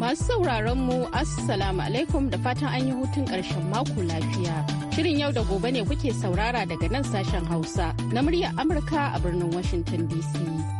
Masu sauraron mu Assalamu alaikum da fatan an yi hutun ƙarshen mako lafiya. Shirin yau da gobe ne kuke saurara daga nan sashen Hausa na muryar Amurka a birnin Washington DC.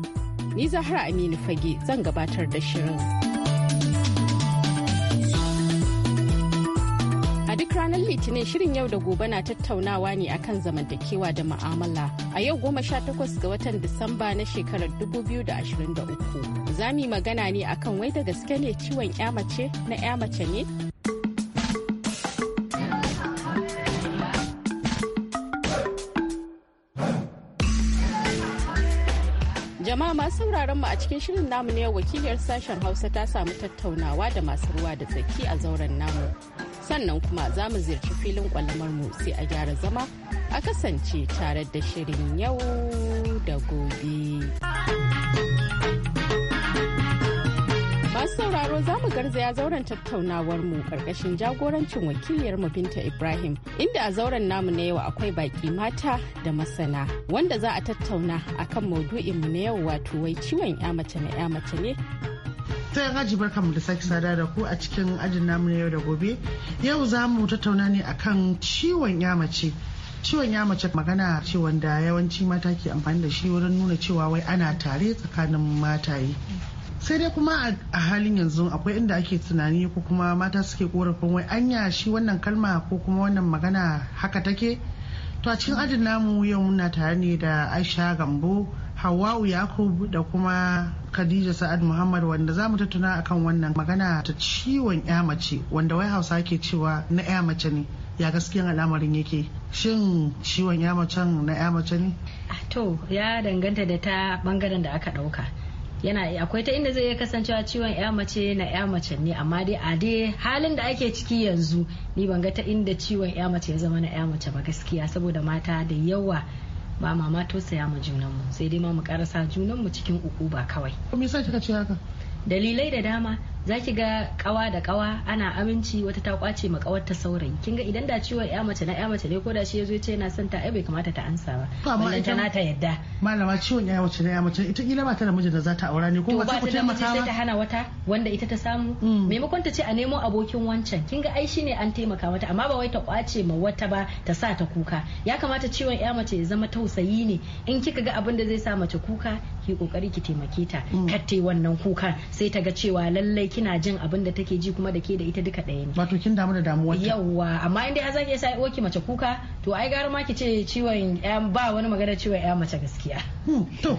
ni Zahra Aminu Fage zan gabatar da shirin. A duk ranar Litinin shirin yau da gobe na tattaunawa ne akan zamantakewa da ma'amala. A yau goma sha takwas ga watan Disamba na shekarar da ashirin 2023. Za mu magana ne akan wai da gaske ne ciwon 'ya mace na 'ya mace ne? sauraron mu a cikin shirin namu ne wakiliyar sashen hausa ta samu tattaunawa da masu ruwa da tsaki a zauren namu sannan kuma za mu ziyarci filin kwalamar mu sai a gyara zama a kasance tare da shirin yau da gobe. Masu sauraro za mu garzaya zauren tattaunawar mu karkashin jagorancin wakiliyar mu Binta Ibrahim inda a zauren namu na yau akwai baki mata da masana wanda za a tattauna akan maudu'in mu na yau wato wai ciwon ya mace na ya mace ne ta yin ajiyar kamar da sake sada da ku a cikin ajin namu na yau da gobe yau za mu tattauna ne akan ciwon ya mace ciwon ya mace magana ce wanda yawanci mata ke amfani da shi wurin nuna cewa wai ana tare tsakanin mataye sai dai kuma a halin yanzu akwai inda ake tunani ko kuma mata suke korafin wai anya shi wannan kalma ko kuma wannan magana haka take to a cikin ajin namu yau muna tare ne da aisha gambo hawa'u yakub da kuma khadija sa'ad muhammad wanda za mu tattuna akan wannan magana ta ciwon ya mace wanda wai hausa ke cewa na ya mace ne ya gaskiyan al'amarin yake shin ciwon ya macen na ya mace ne to ya danganta da ta bangaren da aka dauka yana akwai ta inda zai iya kasancewa ciwon ya mace na ya mace ne amma dai a dai halin da ake ciki yanzu ni ban ga ta inda ciwon ya mace ya zama na ya mace ba gaskiya saboda mata da yawa ba ma ma saya ma junanmu sai dai ma mu karasa mu cikin uku ba kawai. Me yasa kika ce haka? Dalilai da dama za ki ga kawa da kawa ana aminci wata ta kwace ma kawar ta saurayi kin ga idan da ciwon ya mace na ya mace ne ko da shi ya zo ce yana son ta ai bai kamata ta ansa ba amma ita na ta yadda malama ciwon ya mace na ya mace ita kila ba ta da mijin da za ta aura ne ko ba ta kuce mata ba ta hana wata wanda ita ta samu mm. maimakon ta ce a nemo abokin wancan kin ga ai shine an taimaka mata amma ba wai ta kwace ma wata ba ta sa ta kuka ya kamata ciwon ya mace ya zama tausayi ne in kika ga abin da zai sa mace kuka ki kokari ki taimake ta mm. katte wannan kuka sai ta ga cewa lallai kina jin abin da take ji kuma da ke da ita duka ɗaya ne wato kin damu da damuwar yawa amma in dai har zaki sai oki mace kuka to ai gara ma ki ce ciwon ba wani magana ciwon ya mace gaskiya hmm, to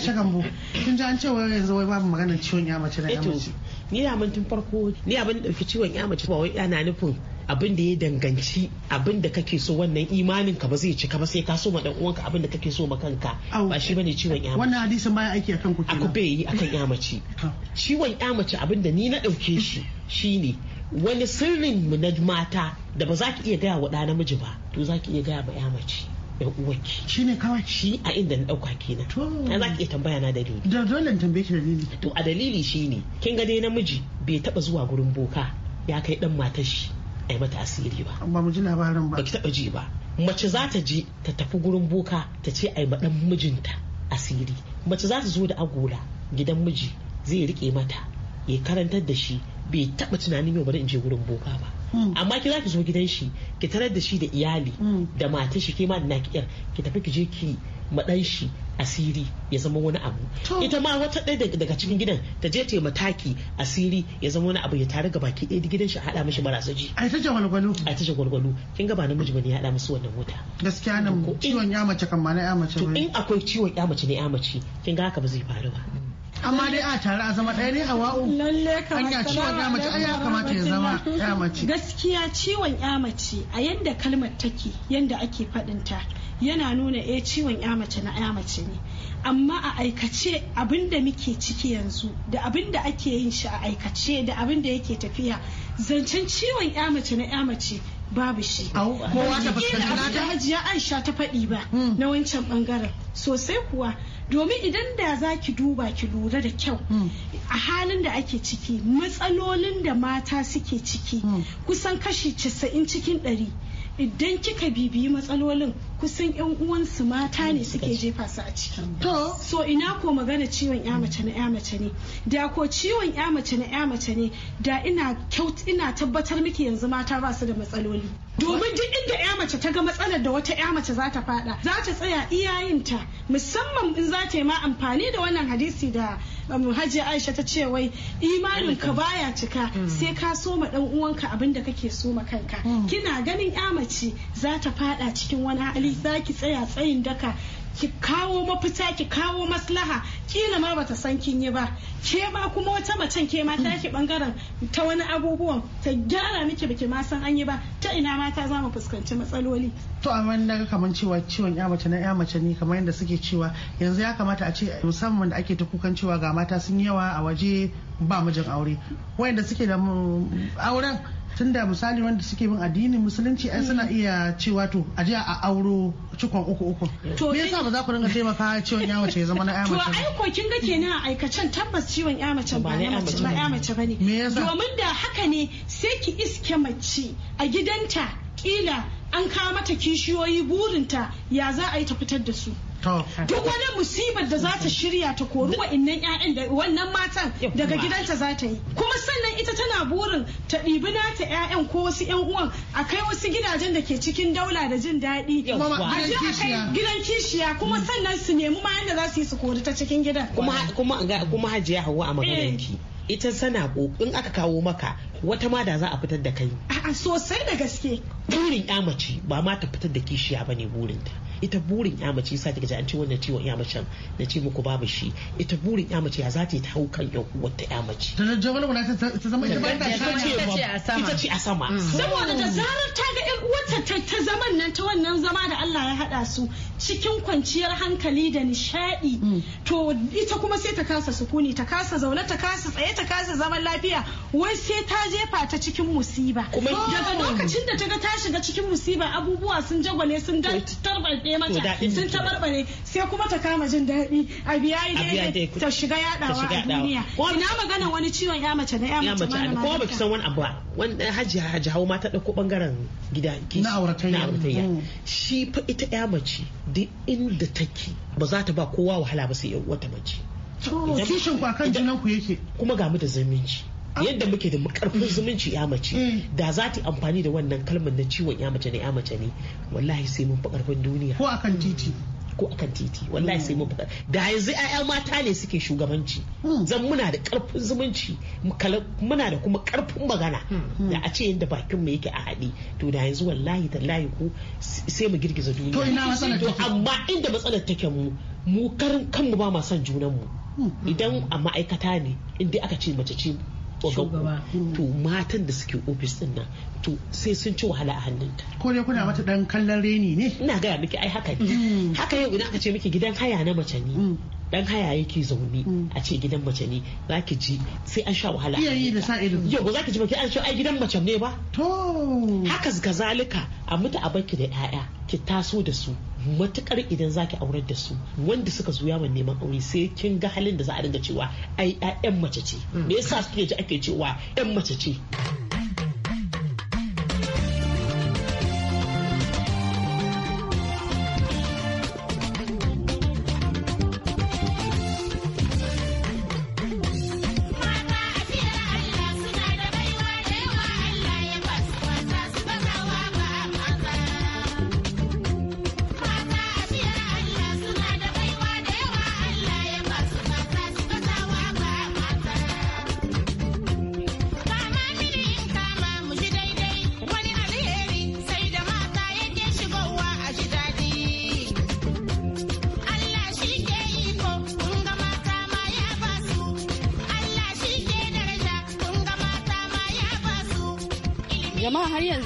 shagan bu kin ji an wai yanzu wai babu maganar ciwon ya mace da ya eh mace. Ni mun tun farko, ni abin da dauki ciwon ya mace ba wai ana nufin abin da ya danganci abin da kake so wannan imanin ka ba zai cika ba sai ka so ma dan uwanka abin da kake so ma kanka ba shi bane ciwon yamaci wannan hadisin baya aiki akan ku kenan bai yi akan ya mace ciwon ya mace abin da ni na dauke shi shine wani sirrin mu na mata da ba za ki iya gaya wa ɗa namiji ba to za ki iya gaya wa ya mace uwanki. Shi shine kawai shi a inda na dauka kenan To. na za ki iya tambaya na dalili da dole tambaye ki dalili to a dalili shine kin ga dai namiji bai taba zuwa gurin boka ya kai dan matar shi a yi mata asiri ba Amma mu ji labarin ba ki taba ji ba mace za ta je ta tafi gurin boka ta ce a yi ma dan mijinta asiri mace za ta zo da agola gidan miji zai rike mata ya karantar da shi bai taɓa tunanin yau bari in je gurin boka ba hmm. amma ki za ki zo gidan shi ki tarar da shi da iyali hmm. da matar shi ke ma da naki yar ki tafi ki je ki madan shi asiri ya zama wani abu ita ma wata ɗaya daga cikin gidan ta je ta mataki asiri ya zama wani abu ya tare ga baki ɗaya gidan shi haɗa mishi marasaji ai ta jagwalgwalo ai ta gwalgwalo kin ga ba namiji bane ya haɗa musu wannan wuta gaskiya nan ciwon ya mace kan ma na ya mace to in akwai ciwon ya mace ne ya mace kin ga haka ba zai faru ba amma dai a tare a zama ɗaya ne a wa'u lalle ciwon ya mace ya kamata ya zama ya mace gaskiya ciwon ya mace a yanda kalmar take yanda ake faɗinta yana nuna eh ciwon ya mace na ya mace ne amma a aikace abin da muke ciki yanzu da abin da ake yin shi a aikace da abin da yake tafiya zancen ciwon ya mace na ya mace babu shi kowa ta fuskanta da hajiya aisha ta faɗi ba hmm. na wancan bangaren sosai kuwa domin idan da za ki duba ki lura da kyau hmm. a halin da ake ciki matsalolin da mata suke ciki hmm. kusan kashi 90 cikin ɗari idan kika bibiyi matsalolin kusan yan uwansu mata ne suke jefa su a ciki to so ina ko magana ciwon ya mace na ya mace ne da ko ciwon ya mace na ya mace ne da ina kyaut ina tabbatar miki yanzu mata ba su da matsaloli domin duk inda ya mace ta ga matsalar da wata ya mace za ta fada za ta tsaya iyayenta musamman in za ta yi ma amfani da wannan hadisi da um, hajji aisha ta ce wai imanin ka baya cika mm. sai ka soma dan uwanka abinda da kake soma kanka mm. kina ganin ya mace za ta fada cikin wani hali za zaki tsaya tsayin daka ki kawo mafita ki kawo maslaha kila ma bata san kin yi ba ke ma kuma wata macen ke ma tashi bangaren ta wani abubuwan ta gyara miki biki ma san an yi ba ta ina mata za mu fuskanci matsaloli to amma na kaman cewa ciwon ya mace na ya mace ne kamar yadda suke cewa yanzu ya kamata a ce musamman da ake ta kukan cewa ga mata sun yawa a waje ba mijin aure wayanda suke da auren tunda misali wanda suke bin addinin musulunci ai suna mm. iya cewa to a je a auro cikon uku uku me yasa ba za ku dinga taimaka ciwon ya mace ya zama na ya mace to ai ko kin ga kenan a aikacen tabbas ciwon ya mace ba na mace ba ya mace bane domin da haka ne sai ki iske mace a gidanta kila an kawo mata kishiyoyi burinta ya za a yi ta fitar da su duk wani musibar da za ta shirya ta kori innan 'ya'yan da wannan matan daga gidanta za ta yi kuma sannan ita tana burin ta ɗibi ta 'ya'yan ko wasu 'yan uwan a kai wasu gidajen da ke cikin daula da jin daɗi a ji a kai gidan kishiya kuma mm. sannan su nemi ma da za su yi su kori ta cikin gidan kuma hajiya hawa a maganar eh. ita sana in aka kawo maka wata ma da za a fitar da kai a'a sosai da gaske burin ya mace ba ma ta fitar da kishiya ba ne burin ta ita burin ya mace sa kika an ce wannan ciwon ya mace na ce muku babu shi ita burin ya mace ya za ta hau kan yan wata ya mace ta je wani guda ta zama ita ba ta ita ce a sama mm. saboda da zarar ta ga yan uwarta ta zaman nan ta wannan zama da Allah ya haɗa su cikin kwanciyar hankali da nishadi mm. to ita kuma sai ta kasa sukuni ta kasa zaune ta kasa tsaye ta kasa zaman lafiya wai sai ta jefa ta cikin musiba daga lokacin da ta ga ta shiga cikin musiba abubuwa sun jagwale sun tarbarbe mata sun tabarbare sai kuma ta kama jin daɗi a biya ta shiga yadawa a duniya ina magana wani ciwon ya mace da ya mace ko baki san wani abu ba wanda eh, haji hajiya hawo ma ta ɗauko bangaren gida na auratayya mm. shi fa ita ya mace duk inda take ba za ta ba kowa wahala ba sai yau wata mace kan yake kuma ga mu da zumunci ah. yadda muke da karfin mm. zumunci ya mace mm. da za ta amfani da wannan kalmar na ciwon ya mace ne ya mace ne wallahi sai mun fi karfin duniya ko akan titi ko akan titi wallahi sai mun fada da yanzu ƴaƴa mata ne suke shugabanci hmm. zan muna da ƙarfin zumunci muna da kuma karfin magana hmm. da a ce yanda bakin mu yake a haɗe to da yanzu wallahi tallahi ko sai mu girgiza duniya to ina matsalar take amma inda matsalar take mu mu karin kanmu ba ma son junan mu hmm. idan a ma'aikata ne inda aka ce mace ce shugaba to matan da suke ofis din nan to sai sun ci wahala a hannunta ko dai kuna mata dan kallon reni ne ina gaya miki ai haka ne mm. haka yau idan aka ce miki gidan haya na mace ne mm. dan haya yake zaune a ce gidan mace ne za ki ji sai an sha wahala yi da sa ido yau ba za ki ji ba ki an ce ai gidan mace ne ba to haka kazalika a mutu a baki da 'ya'ya ki taso da su matukar idan zaki aurar da su wanda suka zo yawon neman aure sai kin ga halin da za a dinga cewa ai 'ya'yan mace ce mm. me yasa suke ji ake cewa 'yan mace ce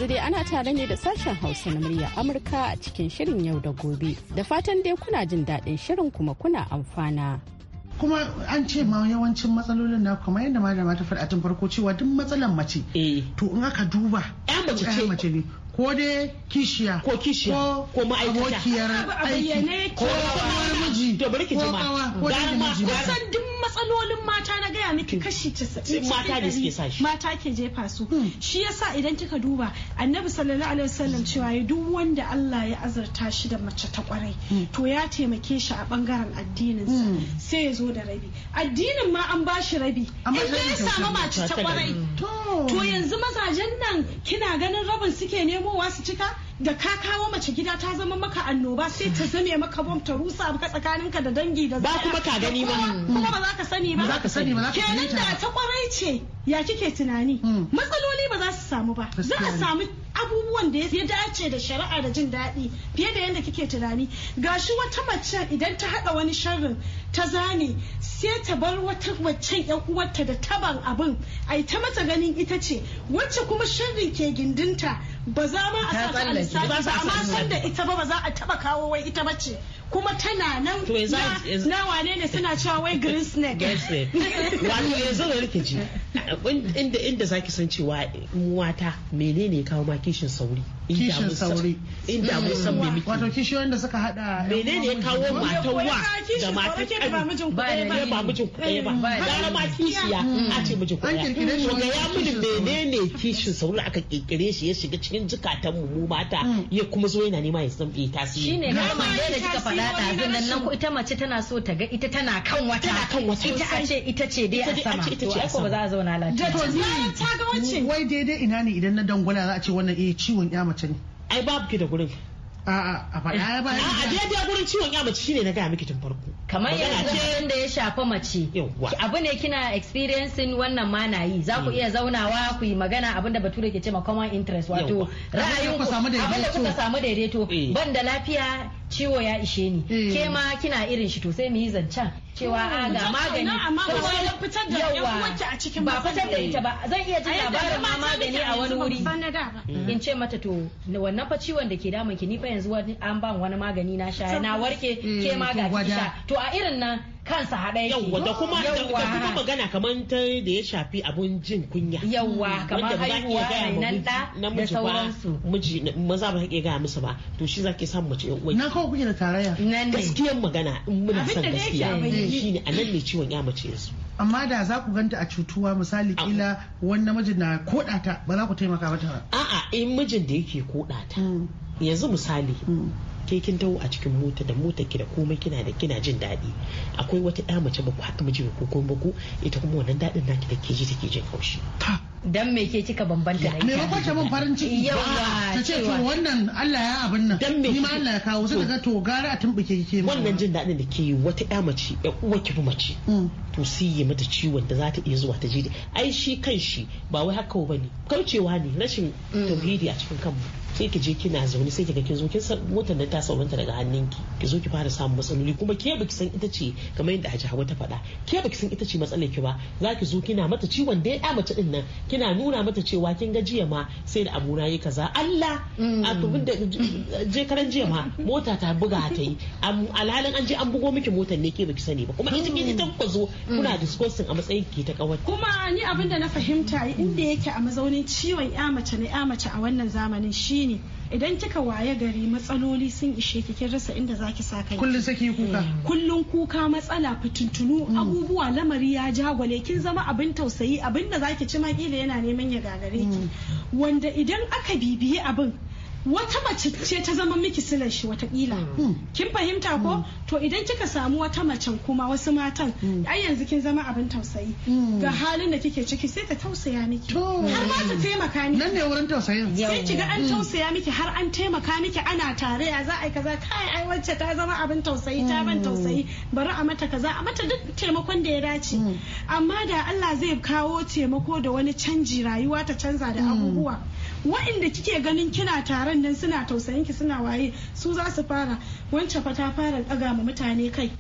dai ana tare ne da sashen Hausa na murya Amurka a cikin shirin yau da gobe. Da fatan dai kuna jin daɗin shirin kuma kuna amfana. kuma an ce ma yawancin matsalolin na kuma yadda ma da mata faɗa tun farko cewa duk matsalan mace eh. to in aka duba ya mace ne ko dai kishiya ko kishiya ko ma'aikata aiki ko kawar miji ko kawa ko miji matsalolin mata na gaya miki kashi casa'in mata da suke sashi mata ke jefa su hmm. shi yasa idan kika duba annabi sallallahu alaihi wasallam cewa duk wanda Allah ya azurta shi da mace ta kwarai hmm. to ya taimake shi a bangaren addinin sa hmm. sai ya zo da rabi addinin ma an bashi rabi in ya samu mace ta kwarai to yanzu mazajen nan kina ganin rabin suke nemowa su cika da ka kawo mace gida ta zama maka annoba sai ta zame maka bom ta rusa tsakanin ka da dangi da ba kuma ka gani ba kuma ba za ka sani ba za ka sani ba kenan da ta kwarai ce ya kike tunani hmm. matsaloli ba za su samu ba za a samu abubuwan da ya dace da shari'a da jin daɗi fiye da yadda kike tunani gashi wata mace idan ta haɗa wani sharrin ta zane sai ta bar wata waccan yan uwarta da taban abin ai ta mata ganin ita ce wacce kuma sharrin ke gindinta ba za ma a sa ta ba amma san da ita ba ba za a taba kawo wai ita bace kuma tana nan na wane ne suna cewa wai green snake wato yanzu da rikici inda inda zaki san cewa muwata menene kawo ma kishin sauri kishin sauri inda mu san me miki mm. wato kishiyoyin da suka hada menene ya kawo matan wa da mata kani ba mijin ku ba ba mijin ku ba mm. ba gara ma kishiya mm. a ce mijin ku ɗaya to ga ya mijin menene kishin sauri aka kirkire shi ya shiga cikin jikatan mu mata ya kuma zo yana nema ya san bi tasiri shine ga da kika faɗa ɗazun nan ko ita mace tana so ta ga ita tana kan wata ita a ce ita ce dai a sama to ai ko ba za a zauna lafiya to ni ta ga wacce wai daidai ina ne idan na dangwala za a ce wannan eh ciwon ya mace ne ai babu ki da gurin A'a, a faɗa ya bayan A daidai gurin ciwon ya mace shine na gaya miki tun farko. Kamar yanzu abin da ya shafa mace. Abu ne kina experiencing wannan ma na yi. Za ku hmm. iya zaunawa ku yi magana abin da bature ke ce ma common interest wato ra'ayin ku abin da kuka samu daidaito. Eh. Ban da lafiya ciwo ya ishe ni hmm. ke ma kina irin shi to sai mu yi zancen cewa ah, hmm. a ga magani yawa ba fitar da ita ba zan iya jin labarin ma magani a wani wuri hmm. in ce mata to wannan fa ciwon da ke damun ki ni fa yanzu an ban wani magani na sha na warke ke ma ga ki sha to a irin nan kansa haɗe yake yawwa da kuma da kuma magana kamar ta da ya shafi abun jin kunya yawwa kamar haihuwa nan da da sauransu miji maza ba ke gaya musu ba to shi zake san mace yan uwa na kawo kuke da tarayya nan ne gaskiyar magana in muna son gaskiya shine a nan ne ciwon ya mace yanzu amma da za ku ganta a cutuwa misali kila wani namijin na kodata ba za ku taimaka mata ba a'a in mijin da yake kodata mm. yanzu misali mm. ke kin taho a cikin mota da mota ki da komai kina da kina jin daɗi akwai wata ɗa mace ba ku haɗa miji ko ko ba ku ita kuma wannan daɗin naki da ke ji take jin haushi dan me ke kika bambanta da ita me ba ta mun farin ciki yawa ta ce to wannan Allah ya abin nan dan me ma Allah ya kawo sai ga to gara a tumbuke kike wannan jin daɗin da ke wata ɗa mace ya uwa ki mace mm. to si yi mata ciwon da za ta iya zuwa ta je ai shi kan shi ba wai haka ba ne kaucewa ne rashin tauhidi a cikin kanmu sai ki je kina zaune sai kiga kin zo kin san motar nan ta sauranta daga hannun ki Ki zo ki fara samun matsaloli kuma ke baki san ita ce kamar yadda a Hawa ta faɗa ke baki san ita ce matsalar ki ba za ki zo kina mata ciwon da ya mace din nan kina nuna mata cewa kin ga jiya ma sai da abuna yi kaza Allah a tubin da je karan jiya ma mota ta buga ta yi alhalin an je an bugo miki motar ne ke baki sani ba kuma ita ke ta kuna discussing a matsayin ki ta kawai kuma ni abin da na fahimta inda yake a mazaunin ciwon ya mace na ya mace a wannan zamanin shine idan kika waye gari matsaloli sun ishe ki kin rasa inda zaki sa kai kullun saki kuka mm. kullun kuka matsala fitintunu mm. abubuwa lamari ya jagwale kin zama abin tausayi abin da zaki ci ma kila yana neman ya gagare ki mm. wanda idan aka bibiyi abin wata mace ce ta zama miki silar shi watakila hmm. Hmm. kin fahimta ko hmm. to idan kika samu wata macen kuma wasu matan ai yanzu kin zama abin tausayi ga halin da kike ciki sai ta tausaya miki har ma ta taimaka miki nan ne wurin tausayin sai kiga an tausaya miki har an taimaka miki ana tare ya za a yi kaza kai ai wacce ta zama abin tausayi ta ban tausayi bari a mata kaza a mata duk taimakon da ya dace amma da Allah zai kawo taimako da wani canji rayuwa ta canza da abubuwa waɗanda kike ganin kina taron nan suna tausayin ki suna waye su za su fara wancan fa ta fara daga ma mutane kai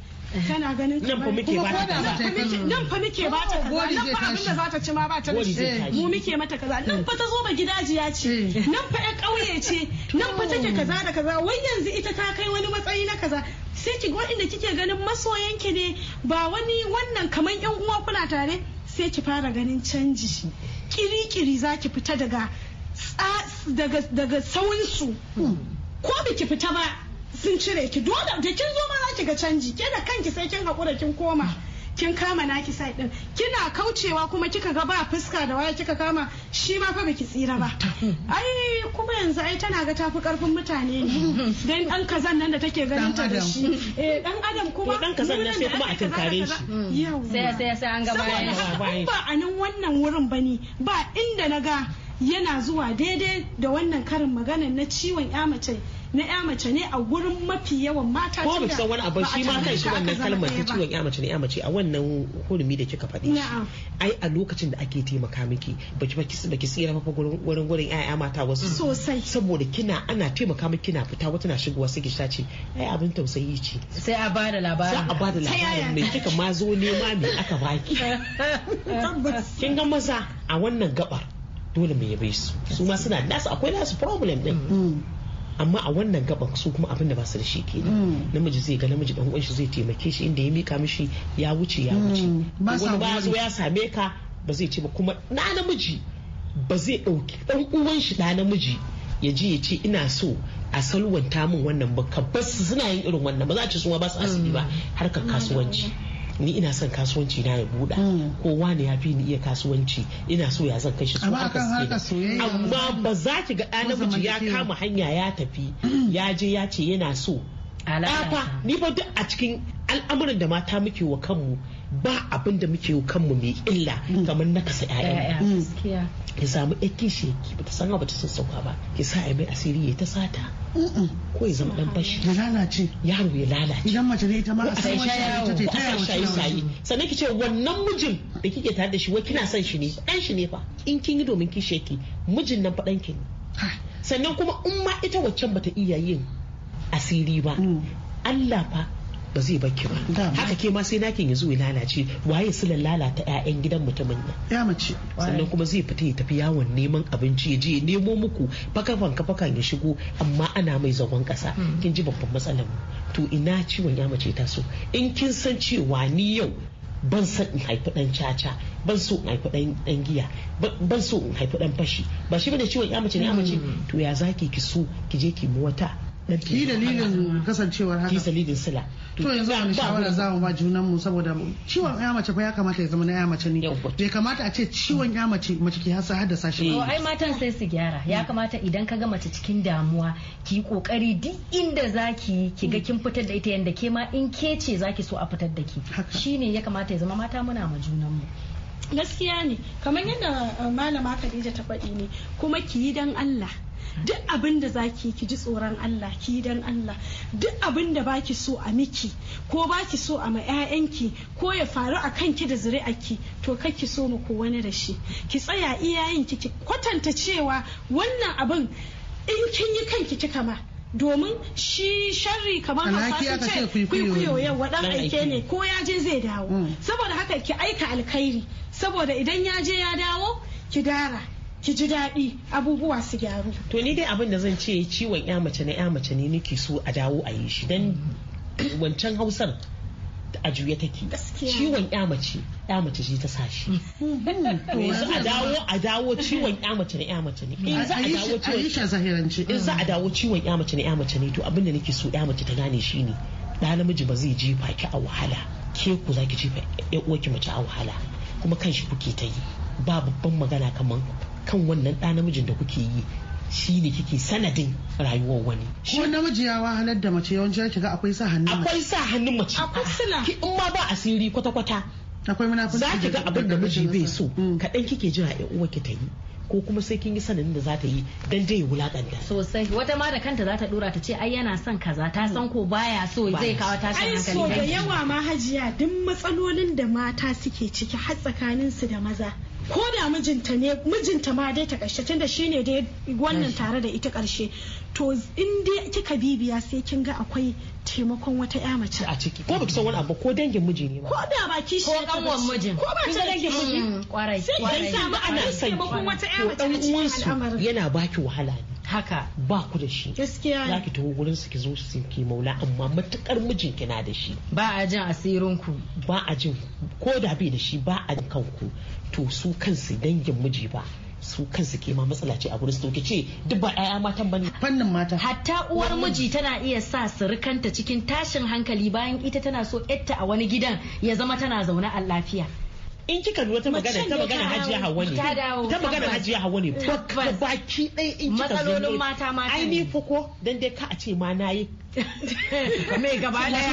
tana ganin nan fa muke ba ta nan fa muke ba ta kaza nan fa abinda za ta ci ma ba ta mu muke mata kaza nan fa ta zo ba gidajiya ce eh. nan fa ya kauye ce nan fa take kaza da kaza wai yanzu ita ta kai wani matsayi na kaza sai ki ga inda kike ganin masoyanki ne ba wani wannan kamar yan uwa kuna tare sai ki fara ganin canji kiri-kiri za ki fita daga daga tsawonsu. Hmm. ko biki fita ba sun cire ki dole da kin zo ma za ki ga canji ke da kanki sai kin haƙura kin koma kin kama naki sai din kina kaucewa kuma kika ga ba fuska da waya kika kama shi ma fa biki tsira ba hmm. ai kuma yanzu ai tana ga tafi karfin mutane ne dan dan kazan nan da take ganin ta da shi eh dan adam kuma dan kazan nan sai kuma a tinkare shi sai sai sai an ga bayan ba a nan wannan wurin bane ba inda na ga yana zuwa daidai da wannan karin magana na ciwon ya mace na ya mace ne a gurin mafi yawan mata ko ba san wani abu shi ma kan shi wannan kalmar ta ciwon ya mace ne ya mace a wannan hurumi da kika faɗi ai a lokacin da ake taimaka miki baki baki ki tsira fa gurin gurin gurin yaya mata wasu sosai saboda kina ana taimaka miki kina fita wata na shigowa sai ki ce ai abin tausayi ce sai a bada labarin sai a bada labarin me kika ma zo nema me aka baki kin ga maza a wannan gabar dole mu yabe su su ma suna nasu akwai nasu problem din mm. amma a wannan gaban su kuma abin da ba su da shi ke mm. namiji zai ga namiji dan shi zai taimake shi inda ya mika mishi ya wuce ya wuce mm. wani ba zo ya same ka ba zai ce ba kuma na namiji ba zai dauki dan uwan shi da namiji ya ji ya ce ina so a salwanta min wannan ba ka suna yin irin wannan ba za a ce su ma ba su asiri ba harkar kasuwanci ni ina son kasuwanci na ya buɗa hmm. kowa ne ya fi ni iya kasuwanci ina so ya zan kai shi amma amma ba za ki ga ɗan namiji ya kama hanya ya tafi hmm. ya je ya ce yana so Ɗafa ni ba duk a cikin al'amuran da mata muke wa kanmu ba abin da muke wa kanmu mai illa mm. kamar na kasa ƴaƴa mm. Ya samu ƴar kishi ki ta san ba ta sauka ba ki sa ya mai asiri ya ta sata ko ya zama dan bashi ya lalace yaro ya lalace idan mace ne ita ma a sai shayi ta ta shayi shayi sannan ki ce wannan mijin da kike tare da shi wai kina son shi ne dan shi ne fa in kin yi domin ki sheki mijin nan fa dan ki ne sannan kuma in ma ita waccan bata iya yin asiri ba mm. Allah fa ba zai baki ba haka ke ma sai nakin ya zo ya lalace waye su lalata ƴaƴan gidan mutumin nan ya mace sannan kuma zai fita ya tafi yawon neman abinci ya je ya nemo muku fakafan kafakan ya shigo amma ana mai zagon kasa hmm. kin ji babban matsalar mu to ina ciwon ya mace ta so in kin san cewa ni yau ban san in haifi dan caca ban so in haifi dan giya ban so in haifi dan fashi ba shi bane ciwon ya mace ne ya mace hmm. to ya zaki ki so ki je ki mu wata ki dalilin kasancewar haka ki dalilin sila to yanzu wani shawara za mu ba junan mu saboda ciwon ya mm. mace fa ya kamata ya zama na ya mace ne bai kamata a ce ciwon ya mace mace ki hasa haddasa shi ba eh. ai matan sai su gyara ya mm. kamata idan ka ga mace cikin damuwa ki kokari duk inda zaki ki ga mm. kin fitar da ita yanda ke ma in ke ce zaki so a fitar da ki shine ya kamata ya zama mata muna ma junan mu gaskiya ne kamar yadda eh, malama Khadija ta faɗi ne kuma ki yi dan Allah duk abin da za ki ji tsoron Allah ki dan Allah duk abin da baki so a miki ko baki so a ma ko ya faru a kanki da zuri'arki to ki so mu ko wani da shi ki tsaya iyayen ki kwatanta cewa wannan abin in kin yi kanki kika ma domin shi sharri kamar ma sun ce kwaikwayo yawa dan aike ne ko ya je zai dawo mm. saboda haka ki aika alkhairi saboda idan ya je ya dawo ki dara ki ji daɗi abubuwa su gyaru to ni dai abin da zan ce ciwon ya mace na ya mace ne nake so a dawo a yi shi dan wancan hausar a juya take ciwon ya mace ya mace shi ta hmm. sashi yanzu a dawo a dawo ciwon ya mace na ya mace ne in za a dawo ciwon in za a dawo ciwon ya mace ne ya mace ne to abin da nake so ya mace ta gane shine da namiji ba zai jefa ki a wahala ke ku za ki jefa ƴan uwa ki mace a wahala kuma kan shi kuke ta yi ba babban magana kaman. kan wannan ɗa namijin da kuke yi shi ne kike sanadin rayuwar wani. Ko namiji ya wahalar da mace yawanci ya ga akwai sa hannun mace. Akwai sa hannun mace. Akwai sila. Ki in ma ba asiri kwata-kwata. Akwai munafunci. Za ki ga abin da miji bai so mm. kaɗan kike jira ƴan uwa ki ta yi. ko kuma sai kin yi sanadin da za ta yi dan dai wulaƙanta. sosai wata ma da kanta za ta dora ta ce ai yana son kaza ta san ko baya so zai kawo ta san hankali ai so da yawa ma hajiya duk matsalolin da mata suke ciki har tsakanin su da maza ko da mijinta ne mijinta ma dai ta karshe tunda shine dai wannan tare da ita karshe to in dai kika bibiya sai kin ga akwai taimakon wata ya mace a ciki ko baki san wani abu ko dangin miji ne ba ko da ba shi ko kanwan mijin ko ba ta dangin miji kwarai kwarai sai ba ana san wata ya mace dan uwansu yana baki wahala ne haka ba ku da shi gaskiya za ki taho gurin su ki zo su ki maula amma matukar mijin ki na da shi ba a jin asirin ku ba a jin ko da bai da shi ba a jin kanku to su kansu dangin miji ba su kansu ke ma matsala ce a gurin su ce duk ba ƴaƴa matan bane fannin mata hatta uwar miji tana iya sa surukanta cikin tashin hankali bayan ita tana so yatta a wani gidan ya zama tana zaune a lafiya in kika lura ta magana ta magana hajiya hawa ne ta magana hajiya hawa ne baki ɗaya in kika matsalolin mata mata ai ni fuko ko dan dai ka a ce ma nayi mai gaba daya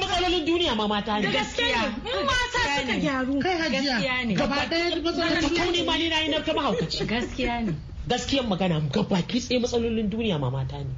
matsalolin duniya ma mata ne gaskiya mata suka gyaru kai hajiya ne gaba daya matsalolin duniya ma ni na yi na ta mahaukaci gaskiya ne gaskiyan magana gabaki tsaye matsalolin duniya ma mata ne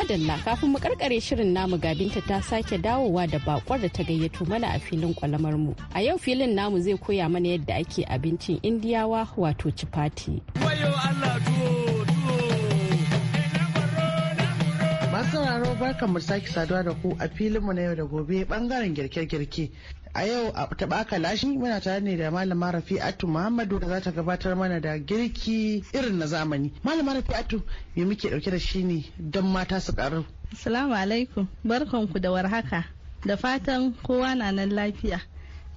madalla kafin mu karkare shirin namu gabinta ta sake dawowa da bakwar da ta gayyato mana a filin kwalamar mu. A yau filin namu zai koya mana yadda ake abincin Indiyawa wato cipati. barkan mu sake saduwa da ku a filin mu na yau da gobe bangaren girke-girke. A yau a taɓa lashi muna tare ne da malama Rafi'atu Muhammadu da za ta gabatar mana da girki irin na zamani. Malama Rafi'atu me muke ɗauke da shi ne don mata su ƙaru. Assalamu alaikum ku da warhaka da fatan kowa na nan lafiya.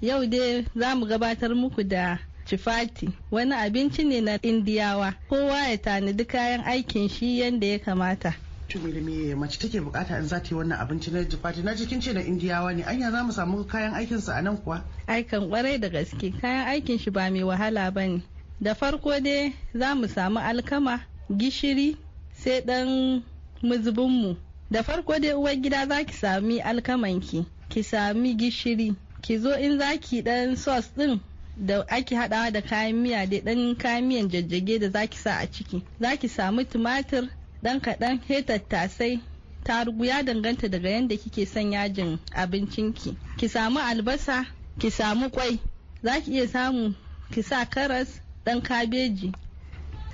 Yau dai za mu gabatar muku da Chifati wani abinci ne na Indiyawa kowa ya tanadi kayan aikin shi yadda ya kamata. da miye mace take bukata in za ta yi wannan abinci na jifati na cikin ce na indiyawa ne anya za mu samu kayan aikin sa a kuwa aikan kwarai da gaske kayan aikin shi ba mai wahala ba ne da farko dai za mu samu alkama gishiri sai dan muzubin mu da farko dai uwar gida za ki sami alkaman ki Ki sami gishiri ki zo in za ki dan sauce din da ake hadawa da kayan miya dai dan kayan miyan jajjage da zaki sa a ciki zaki samu tumatir dan kaɗan he tattasai tarugu ya danganta daga yadda kike son yajin abincin ki ki samu albasa ki samu kwai za ki iya samu ki sa karas dan kabeji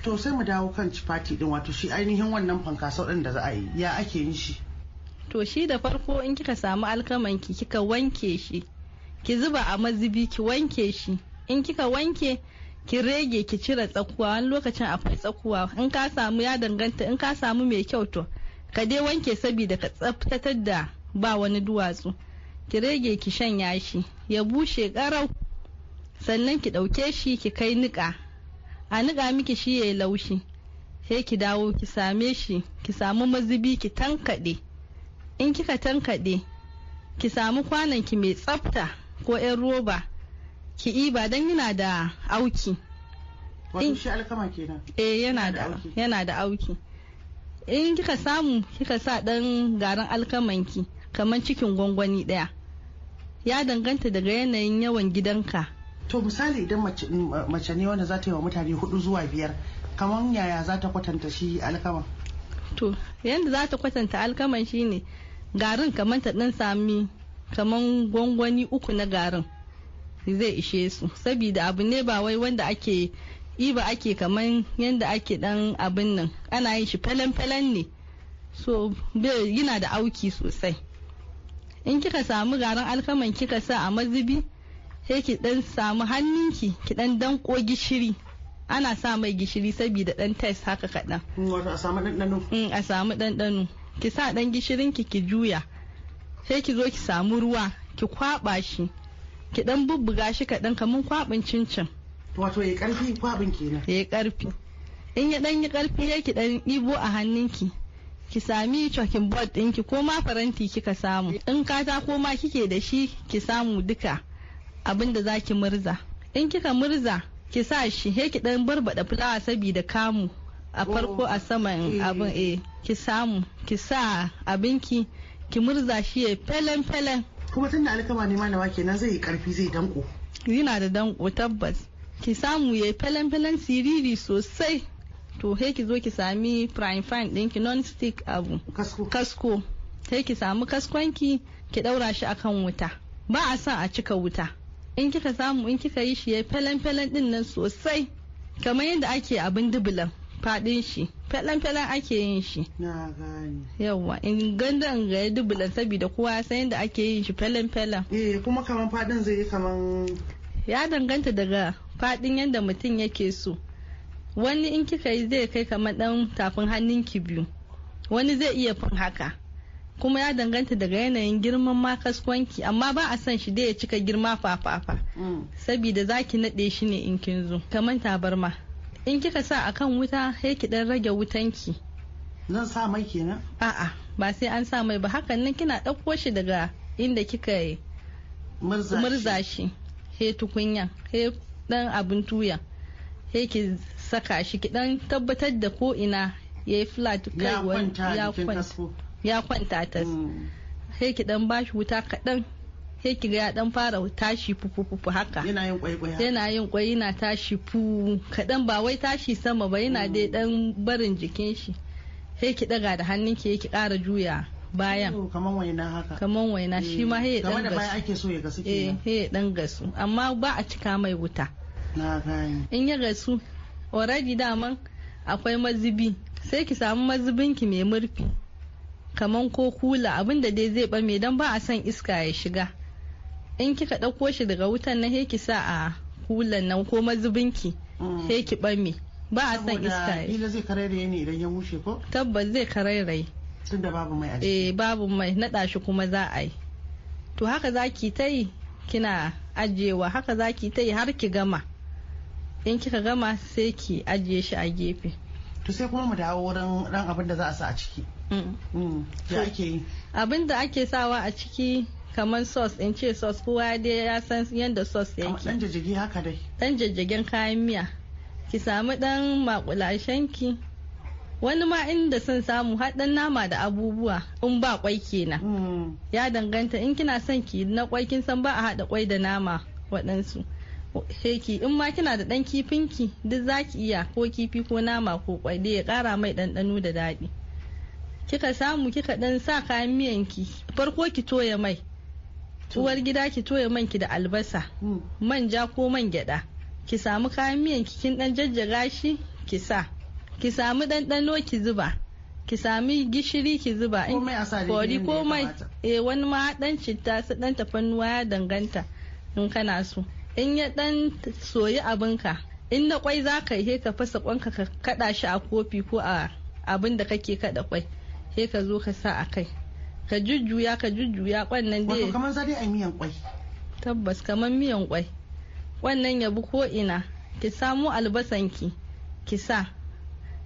to sai mu dawo kan cifati din wato shi ainihin wannan fankasau din da za a yi ya ake yin shi to shi da farko in kika samu alkamanki kika wanke shi ki zuba a mazubi ki wanke shi in kika wanke ki rege ki cire tsakuwa wani lokacin akwai tsakuwa in ka samu ya danganta in ka samu mai kyau to ka dai wanke sabida ka tsaftatar da ba wani duwatsu ki rege ki shanya shi ya bushe karau sannan ki dauke shi ki kai niƙa a niƙa miki shi ya laushi sai ki dawo ki same shi ki samu mazubi ki tankade in kika tankade ki samu kwanan ki mai tsafta ko 'yan roba ki ba dan yana da auki wato shi alkama kenan eh yana da yana da auki in kika samu kika sa dan garin ki kamar cikin gwangwani daya ya danganta daga yanayin yawan gidanka to misali idan mace ne wanda za ta yi wa mutane hudu zuwa biyar kamar yaya za ta kwatanta shi alkama to yadda za ta kwatanta alkaman shine garin kamar ta dan sami kamar gwangwani uku na garin zai ishe su saboda abu ne ba wai wanda ake ba ake kaman yadda ake dan abin nan ana yin shi falen-falen ne so yana da auki sosai in kika samu garin alkaman kika sa a mazubi sai ki dan samu hannunki ki dan danko gishiri ana sa mai gishiri saboda dan test haka kaɗan mm, a samu ɗanɗano mm, a samu ɗanɗano ki sa dan gishirinki ki juya sai ki zo ki samu ruwa ki kwaba shi ki dan bubbuga shi kaɗan kamar kwaɓin cincin wato ya karfi kwaɓin kenan ya karfi in ya dan yi karfi ya ki dan ibo a hannunki ki sami chalking board ɗinki ko ma faranti kika samu in katako ma kike da shi ki samu duka abin zaki murza in kika murza ki sa shi he ki dan barbada fulawa saboda kamu a farko a saman oh, abin eh. eh ki samu ki sa abinki ki murza shi ya felen felen kuma da alkama ne malama kenan zai yi karfi zai danko yana da danko tabbas ki samu ya yi falan falan siriri sosai to sai ki zo ki sami prime fine ɗinki non stick abu kasko sai ki samu kaskonki ki ɗaura shi akan wuta ba a sa a cika wuta in kika samu in kika yi shi yi falan falan ɗin nan sosai kamar yadda ake abin dubulan faɗin shi felen-felen ake yin shi yawa in gandan ga ya dubulan saboda kowa san yadda ake yin shi felen-felen eh kuma kaman faɗin zai yi kaman ya danganta daga faɗin yadda mutum yake so wani in kika yi zai kai kamar dan tafin hannun ki biyu wani zai iya fin haka kuma ya danganta daga yanayin girman kaskwanki amma ba a son shi dai ya cika girma fafafa mm. saboda zaki naɗe shi ne in kin zo kamar tabarma in kika sa a kan wuta sai ki dan rage wutanki Zan sa mai kenan a'a ba sai an sa mai ba hakan nan kina ɗauko shi daga inda kika yi murza shi he tukunya he dan abin tuya he ki saka shi ki dan tabbatar da ko ina ya yi flat ya kwanta ya kwanta tas hmm. he ki dan bashi wuta kaɗan sai kiga ya dan fara tashi fufufufu haka yana yin yana yin kwai yana tashi fu kadan ba wai tashi sama ba yana dai mm. dan barin jikin shi sai ki daga da hannun ki ki kara juya bayan oh, kaman waina haka kaman waina shi ma sai ya dan gasu kaman da ake so ya gasu eh sai ya dan gasu amma ba a cika mai wuta na gani in ya gasu already daman akwai mazubi sai ki samu mazubin ki mai murfi kaman ko kula abinda dai zai bame dan ba a son iska ya shiga in kika ɗauko shi daga wutan na heki sa a hulan nan ko mazubinki mm. heki ɓame ba a san iska Ila zai karairaye ne idan ya bushe ko tabbas zai karairaye tunda babu mai a eh babu mai naɗa shi kuma za a yi to haka za ki ta yi kina ajiyewa haka za ki ta yi har ki gama in kika gama sai ki ajiye shi a gefe to sai kuma mu dawo wurin ɗan abin da za a sa a ciki mm. Mm. ya ake yi abin da ake sawa a ciki kamar sauce in ce sauce kowa dai ya san yadda sauce yake dan jajjage haka dai dan jajjagen kayan miya ki samu dan makulashen ki wani ma inda sun samu haɗin nama da abubuwa in ba kwai kenan mm. ya danganta in kina son ki na kwai kin san ba a haɗa kwai da nama waɗansu heki in ma kina da ɗan kifinki duk za ki iya ko kifi ko nama ko kwai da ya kara mai ɗanɗano da daɗi kika samu kika ɗan sa kayan miyanki farko ki toya mai uwar gida ki toya man ki da albasa hmm. manja ko man gyada ki samu kayan miyan ki kin dan jajjaga shi ki sa ki samu ɗanɗano ki zuba ki sami gishiri ki zuba in kori mai eh wani ma dan citta su dan tafannuwa ya danganta in kana so in ya dan soyi abinka in na kwai za ka yi ka fasa kwanka ka kada shi a kofi ko a abin da kake kada kwai sai ka zo ka sa a kai ka jujjuya ka jujjuya kwannan dai wato kamar za a miyan kwai tabbas kamar miyan kwai wannan ya bi ko ina ki samu albasan ki ki sa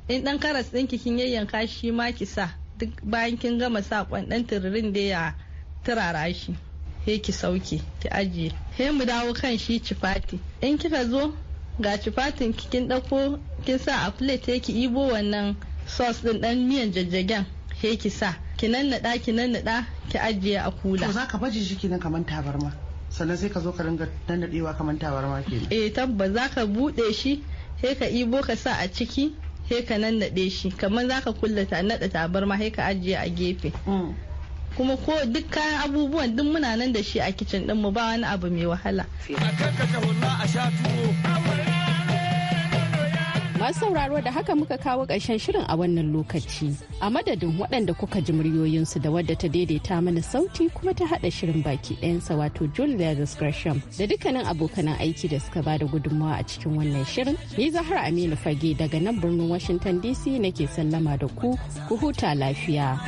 in dan karas ki kin yayyanka shi ma ki sa duk bayan kin gama sa kwan dan tururin da ya turara shi he ki sauke ki ajiye he mu dawo kan shi cifati in kika zo ga cifatin kin ɗauko kin sa a plate ki ibo wannan sauce din dan miyan jajjagen he ki sa ki nannaɗa ki nannaɗa ki ajiye a kula to zaka baje shi kenan kamar tabarma sannan sai ka zo ka ringa nannaɗewa kamar tabarma kenan eh tabbas zaka bude shi sai ka ibo ka sa a ciki sai ka nannaɗe shi kamar zaka kulla ta naɗa tabarma sai ka ajiye a gefe mm. kuma ko duk kayan abubuwan duk muna nan da shi a kicin ɗinmu mu ba wani abu mai wahala a kanka ta a sha tuwo Masu sauraro da haka muka kawo ƙarshen shirin a wannan lokaci. A madadin waɗanda kuka ji muryoyinsu da wadda ta daidaita mana sauti kuma ta haɗa shirin baki ɗayansa wato Julia discretion da dukkanin abokan aiki da suka bada gudunmawa a cikin wannan shirin. Ni Zahra Aminu Fage daga nan birnin Washington DC nake sallama da ku, ku huta lafiya.